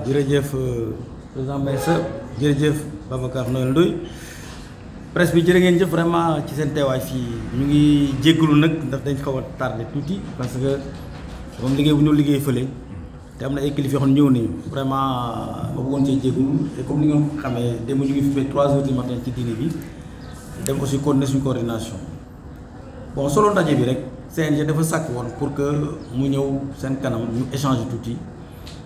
jërëjëf euh, président Meissa jërëjëf Babacar Noël Ndoye presse bi jërë ngeen jëf vraiment ci seen teewaay fii ñu ngi jéggalu nag ndax dañ xaw a tardé tuuti parce que moom liggéey bu ñu liggéey fële te am na ay kilifa yoo ñëw nañu vraiment ma bëggoon cee jéggalu te comme ni ngeen ko xamee démb ñu ngi fi trois heures du matin ci dîner bi dem aussi coordonné suñu coordination boo solo ndaje bi rek CNG dafa sàkk woon pour que mu ñëw seen kanam ñu tuuti.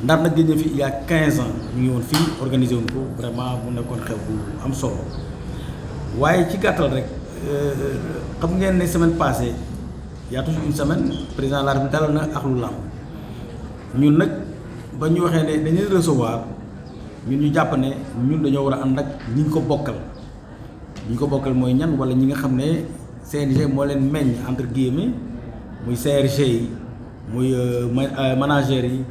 Ndar nag génne fi il y a 15 ans ñu ngi woon organisé un coup vraiment mu nekkoon xew bu am solo waaye ci gàttal rek euh, xam ngeen ne semaine passée y a toujours une semaine président de la na ak lu làmb ñun nag ba ñu waxee ne dañuy recevoir ñun ñu jàpp ne ñun dañoo war a ànd ak ñi ñu ko bokkal ñi ñu ko bokkal mooy ñan wala ñi nga xam ne CNG moo leen meññ entre guillemets muy CRG yi muy euh, euh, managers yi.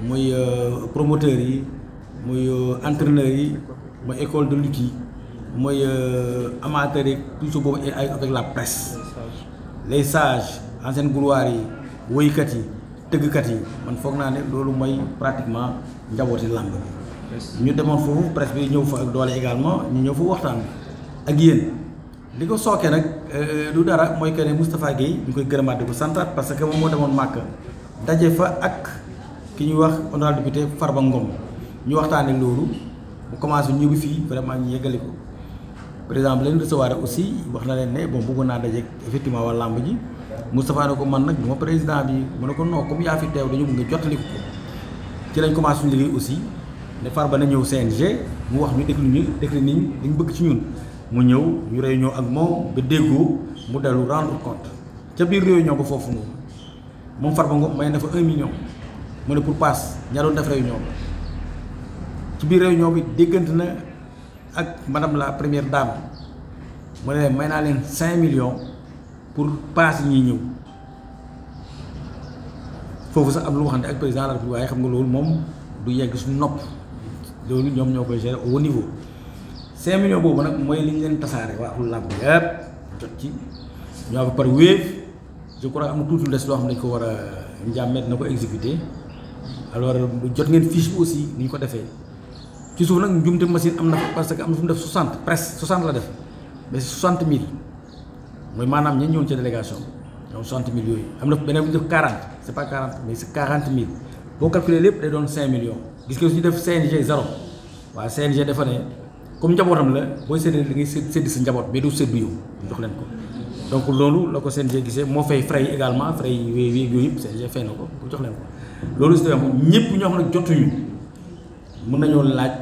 muy euh, promoteurs yi mooy euh, entraîneurs yi mooy école de lutte yi mooy euh, amateurs yi toujours boobu ay avec la presse les sages anciennes gloires yi woykat yi tëggkat yi man foog naa ne loolu mooy pratiquement njabooti làmb bi ñu demoon foofu presse bi ñëw fa ak doole également ñu ñëw fa waxtaan ak yéen li ko sookee nag du dara mooy que ne Moustapha Guèye ñu koy gërëmaat di ko santaat parce que moom moo demoon màkk daje fa ak ki ñuy wax honorable député Farba Ngom ñu waxtaanee loolu mu commencé ñu ngi fii vraiment ñu yëgale ko président bi leen recevoir aussi wax na leen ne bon bëggoon naa dajeeg effectivement waa làmb ji Moustapha ne ko man nag du président bi mu ne ko non comme yaa fi teew dañu bëgg nga jottali ko ci lañ commencé suñu liggéey aussi ne Farba na ñëw CNG mu wax ñu déglu ñu déglu niñ li ñu bëgg ci ñun mu ñëw ñu réunion ak moom ba déggoo mu dellu rend compte ca biir réunion ba foofu noonu moom Farba Ngom may fa million. mu ne pour paas ña doon def réunion bi ci biir réunion bi déggante na ak madame la première dame mu ne may naa leen cinq millions pour paas yi ñëw foofu sax am lu waxante ak président de la waaye xam nga loolu moom du yegg suñu nopp loolu ñoom ñoo koy gérer au niveau cinq millions boobu nag mooy li ñu leen tasaare waa axul làmb yëpp jot ci ñoo fa par wéef je crois am na tuuti des loo xam ne dañ ko war a njàmmet na ko exécuter alors jot ngeen fiche bi aussi ni ñu ko defee ci suuf nag njumte machine am na fa parce que am na fu def 60 presque 60 la def mais 60 mille mooy maanaam ña ñëwoon ca délégation bi ñoom yooyu am na beneen bu ñu def 40 c' est pas 40 mais c' est 40 mille boo calculer lépp day doon 5 millions gis nga su ñu def CNG zéro waaw CNG dafa ne comme njabootam la booy séddale li ngay sédd sa njaboot mais du séddu yow jox leen ko. donc loolu la ko CNG gisee moo fay frais yi également frais yi yooyu yëpp ko bu jox leen ko. loolu si tamit ñëpp ñoo xam ne jotuñu mën nañoo laaj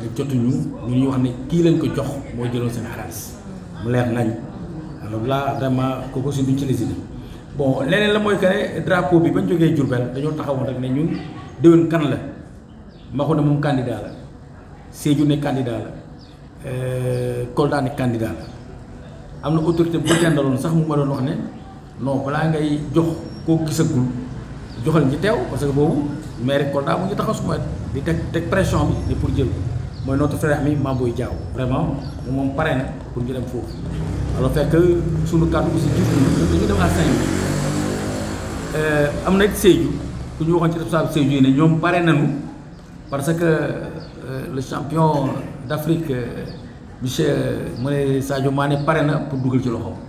ne jotuñu ñu ñuy wax ne kii lañ ko jox moo jëloon seen xaalis mu leer nañ alors là vraiment kooku si duñ ci lésine bon leneen la mooy que ne drapeau bi bañ jógee Diourbel dañoo taxawoon rek ne ñun déwén kan la ma ko ne moom candidat la Sédhiou ne candidat la euh, Kolda ne candidat la am na autorité bu jàndaloon sax mu ma doon wax ne non balaa ngay jox koo gisagul. joxal ñi teew parce que boobu maire Kolda mu ngi taxaw su ma di teg pression bi ni pour jël mooy notre frère ami Mame Boye Diao vraiment moom pare na pour ñu foofu. alors fekk suñu kàddu aussi jiitu ñu dañu euh, am na it Sédhiou ku ñu waxoon ci responsable yi ne ñoom pare nañu parce que euh, le champion d'Afrique euh, monsieur mu ne Sadio Mané pare na pour dugal ci loxoom.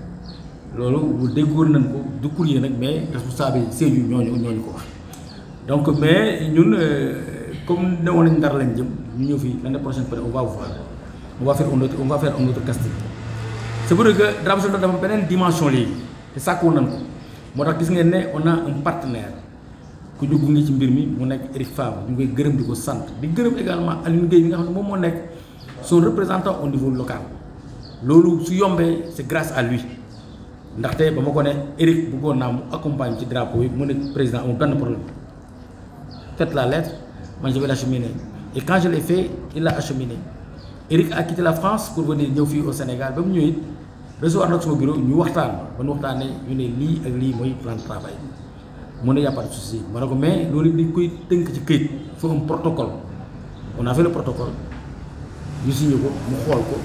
lolu déggoon nañ ko du courrier nag mais responsable yi Sédhiou ñooñu ñooñu ko wax donc mais ñun euh, comme ne woon nañ Ndar lañ jëm ñu ñëw fii l'année prochaine peut-être on va voir on va faire un autre on va faire un autre casting c'est pour que Dramé Soldats dafa beneen dimension léegi te sàkkuwoon nañ ko moo tax gis ngeen ne on a un partenaire ku ñu gunge ci mbir mi mu nekk Eric Favre ñu ngi koy gërëm di ko sant di gërëm également Aline Gueye mi nga xam ne moom moo nekk son représentant au niveau local loolu su yombee c'est grâce à lui ndaxte ba ma ko ne Eric bu naa mu accompagne ci drapeau yi mu ne président amul benn problème faites la lettre man je vais l'acheminer et quand je l'ai fait il l'a acheminé Eric a quitté la France pour venir ñëw fii au Sénégal ba mu ñëw it recevoir nag sama bureau ñu waxtaan ba ñu waxtaanee ñu ne lii ak lii mooy plan de travail mu ne y a pas ma ne ko mais loolu it dañ koy tënk ci këyit il faut un protocole on a fait le protocole ñu signé ko mu xool ko.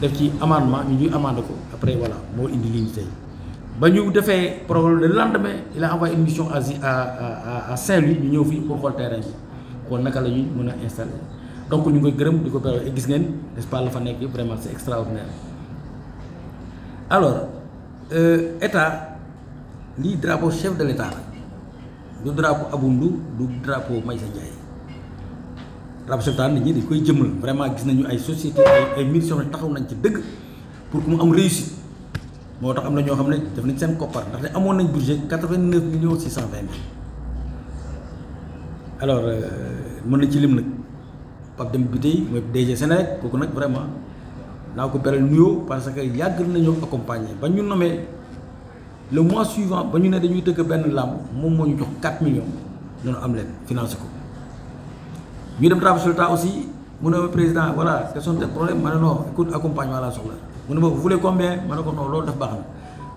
def ci amendement ñu ñuy amendé ko après voilà moo indi lii tey ba ñu defee problème le lendemain il a envoyé une mission à à à Saint-Louis ñu ñëw fii pour xool terrain bi kon naka la ñuy mën a installé donc ñu ngi koy gërëm di ko béy gis ngeen n'est-ce pas la fa nekk vraiment c'est extraordinaire alors euh, état lii drapeau chef de l'état du drapo Abou Ndou du drapeau Maïssa Ndiaye. rab setaan nit ñi dañ koy jëmmal vraiment gis nañu ay société ay ay militants taxaw nañ ci dëgg pour mu am réussite moo tax am na ñoo xam ne def nañ seen koppar ndax ne amoon nañ budget quatre-vingt-neuf millions six cent vingt mille alors euh, mën nañ ci lim nag dem bi Bitèye mooy DG Sénélec kooku nag vraiment naa ko beral nuyoo parce que yàgg nañoo accompagner ba ñu nomee le mois suivant ba ñu ne dañuy tëgg benn làmb moom moo ñu jox 4 millions noonu am leen financé ko. Il a aussi, le président, voilà, quels sont des problèmes. Maintenant, écoute, accompagne-moi là Vous voulez combien Maintenant,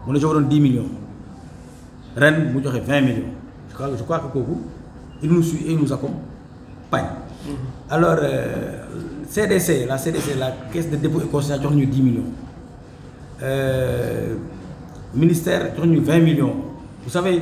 on a je donne 10 millions. Rennes, vous aurez 20 millions. Je crois, que pour vous, il nous suit et nous accompagne. Mm-hmm. Alors, CDC, euh, la CDC, la caisse de dépôt et consignation, 10 millions. Euh, ministère, 20 millions. Vous savez,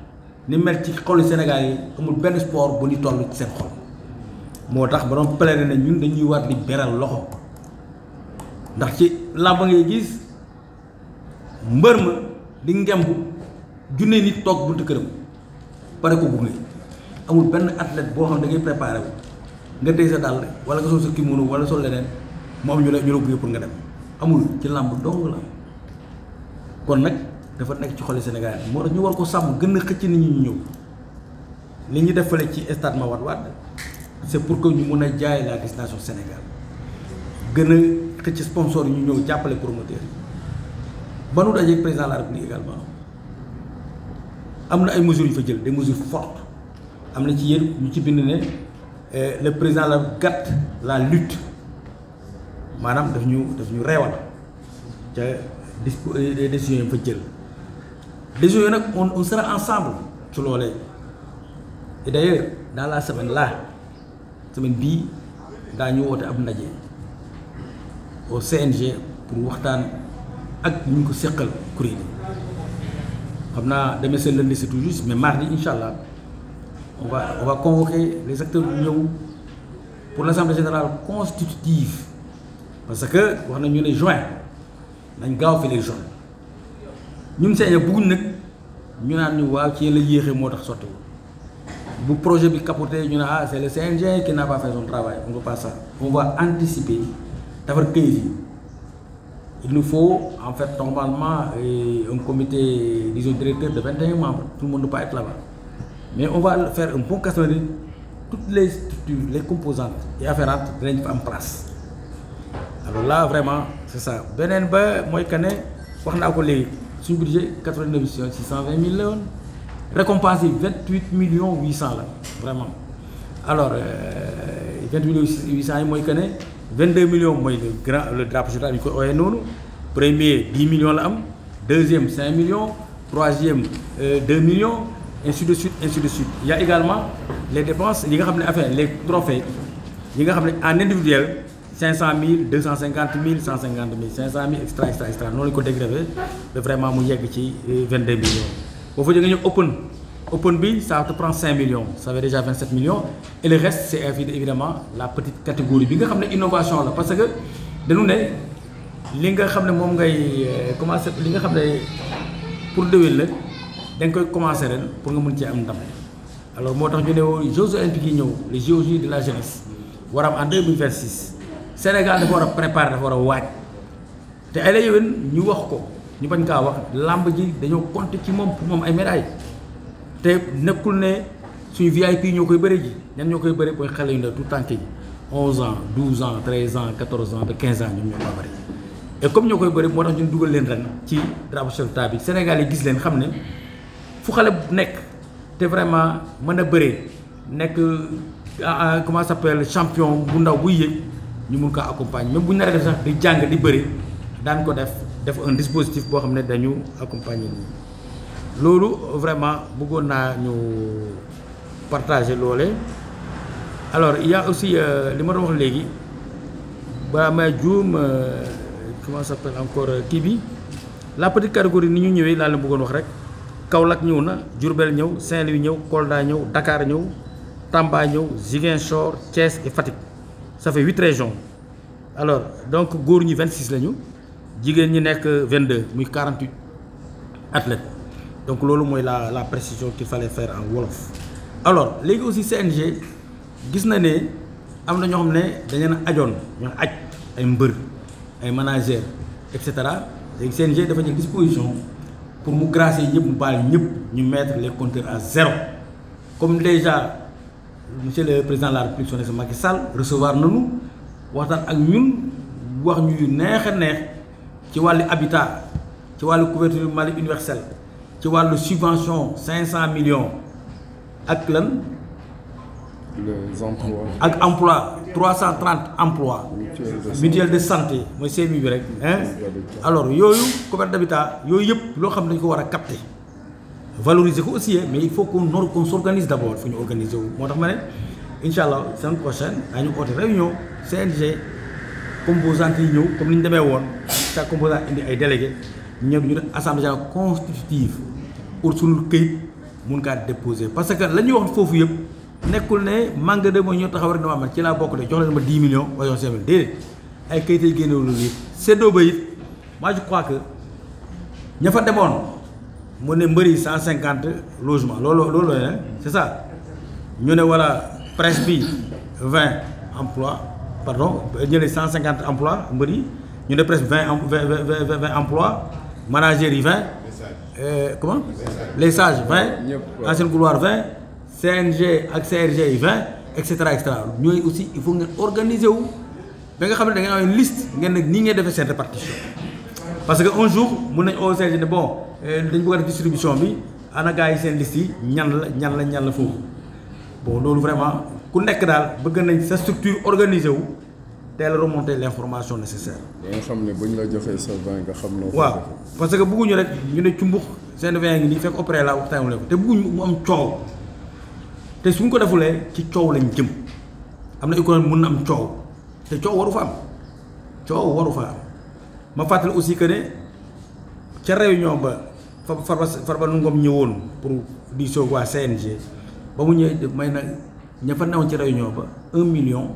ni mel ci xolu Sénégal yi amul benn sport bu ni toll ci seen xol moo tax ba doon plaidé na ñun dañuy war di beral loxo ndax ci làmb ngay gis mbër ma di ngemb junne nit toog buntu këram pare ko gunge amul benn athlète boo xam da ngay préparé wu nga tey sa dàll wala nga sol sa kimono wala sol leneen moom ñu la ñu la gunge pour nga dem amul ci làmb dong la kon nag. dafa nekk ci xoli Sénégal moo tax ñu war ko sàmm gën a xëcc nit ñi ñu ñëw li ñu def fële ci stade Mawade Wade c'est pour que ñu mun a jaay la destination Sénégal gën a xëcc sponsor yi ñu ñëw jàppale promoteur yi ba nu dajeeg président de la République également am na ay mesures yu fa jël des mesures fortes am na ci yéen ñu ci bind ne eh, le président la gàtt la lutte maanaam daf ñu daf ñu reewal ca dispo euh, décision yi fa jël. on sera ensemble et d'ailleurs dans la semaine là semaine au CNG pour lundi c'est tout mais mardi Inch'Allah on va on va convoquer les acteurs pour l'assemblée générale constitutive parce que nous sommes joints. juin nañ gaaw les jeunes nous avons vu qui ci la yéexee de soto Si Le projet bi capoté ñu ah, c'est le CNG qui n'a pas fait son travail on ne veut pas ça on va anticiper d'avoir il nous faut en fait normalement euh, un comité disons directeur de 21 membres tout le monde ne peut pas être là-bas mais on va faire un bon casting toutes les structures les composantes et afférentes dinañ en place alors là vraiment c'est ça beneen moi je que sous budget 89 millions 620 000 récompensé 28 millions 800 vraiment alors 28 800 22 millions moi, le grand le drapeau général premier 10 millions la deuxième 5 millions troisième 2 euh, millions ainsi de suite ainsi de suite il y a également les dépenses les enfin les trophées en individuel 500 000, 000, 250 150 000, 500 000 extra extra extra Nous le côté grévé, c'est vraiment nous yegg 22 euh, millions Si vous que nous open open ça te prend 5 millions ça fait déjà 27 millions et le reste c'est évidemment la petite catégorie bi nga l'innovation innovation parce que de nous li nga euh, pour nous Nous avons commencé pour nga vous puissiez am alors moi vous que Joseph Jeux olympiques les de la jeunesse en 2026 Sénégal dafa war a préparer dafa war a waaj te ay la yéwén ñu wax ko ñu bañ kaa wax làmb ji dañoo compter ci moom pour moom ay médailles te nekkul ne suñu VIP ñoo koy bëre ji ñan ñoo koy bëre mooy xale yu ndaw tout tànk yi 11 ans 12 ans 13 ans 14 ans ba 15 ans comme ñoo koy bëri moo tax ñu dugal leen ren ci drapeau chef bi Sénégal yi gis leen xam ne fu xale nekk te vraiment mën a bëree nekk ah, ah, comment ça s'appelle champion bu ndaw buy yëg. ñu mun ko accompagner même bu ñu naree def sax di jàng di bëri daan ko def def un dispositif boo xam ne dañu accompagner nii loolu vraiment bëggoon naa ñu partager loole alors il aussi euh, li ma doon wax léegi balaa may juum euh, comment s'appelle encore euh, kii bi la petite catégorie ni ñu ñëwee laa la bëggoon wax rek kaw Kaolack ñëw na Diourbel ñëw Saint-Louis ñëw Kolda ñëw Dakar ñëw Tamba ñëw Ziguinchor Thiès et Fatick. ça fait 8 régions. Alors, donc, les 26 26, les femmes 22, 48 athlètes. Donc, c'est la, la précision qu'il fallait faire en Wolof. Alors, les aussi CNG, vous voyez, nous avons des gens des agents, des agents, des managers, etc. Les CNG ont fait disposition pour nous grâcer, nous mettre les compteurs à zéro. Comme déjà, monsieur le président de la république son Macky Sall recevoir nous, waxtaan ak ñun wax ñu neex neex ci walu habitat ci walu couverture maladie universelle ci walu subvention 500 millions ak lan les emplois ak emploi 330 emplois mutuelle de santé moy CMU bi rek hein alors yoyu couverture d'habitat yooyu yëpp loo xam dañ ko wara capter valoriser aussi hein, mais il faut qu'on qu'on s'organise d'abord fu nous organiser wu moo tax ma ne incha semaine prochaine daañu autre réunion CNG composante yi ñëw comme ni ñu demee chaque composant indi ay délégué ñëw ñu une assemblée constitutive pour que këyit mun kaa déposer parce que la ñuy wax foofu yëpp nekkul ne manque de mooy ñoo taxaw ci laa bokk de jox leen 10 millions wala jox 5 millions déedéet ay këyit yi génneewul loolu de séddoo ba d'obéir moi je crois que ña fa demoon. Nous avons 150 logements hein? c'est ça nous avons voilà presby 20 emplois pardon il y 150 emplois nous avons presque 20 20 emplois managerie 20 euh, comment les sages 20 ancien couloir 20 cng ACRG, 20 etc etc nous aussi il faut organiser où ben vous une liste nous avons cette répartition parce que un jour mon que c'est bon Eh, dañ bëgg a def distribution bi ana gars yi seen liste ñan la ñan la ñan la foofu bon loolu vraiment ku nekk daal bëgg nañ sa structure organisée wu teel a remonter l' information nécessaire. ba nga xam ne bu ñu la joxee sa vin nga xam noo. waaw parce que bëgguñu rek ñu ne cumbux seen vin ngi nii fekk opéré la waxtaan wu ko te bëgguñu mu am coow te suñ ko defulee ci coow lañ jëm am na économie mun na am coow te coow waru fa am coow waru fa am ma fàttali aussi que ne ba. fa Farba Farba Ngom ñëwoon pour di soog waa CNG ba mu ñëwee may na ña fa newoon ci réunion ba un million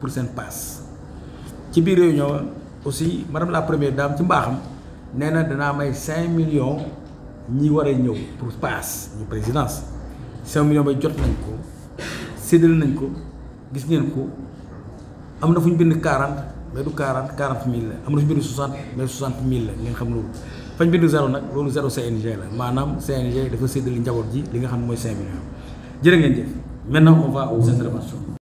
pour seen paas ci biir réunion aussi madame la première dame ci mbaaxam nee na danaa may cinq millions ñi war a ñëw pour paas ñu présidence cinq millions ba jot nañ ko séddal nañ ko gis ngeen ko am na fu ñu bind quarante mais du quarante quarante mille la am na fu ñu bind soixante mais soixante mille ngeen xam loolu. fañ bindu zéro nag loolu zéro CNG la maanaam CNG dafa séddali njaboot ji li nga xam mooy 5 millions jërë ngeen jëf maintenant on va aux interventions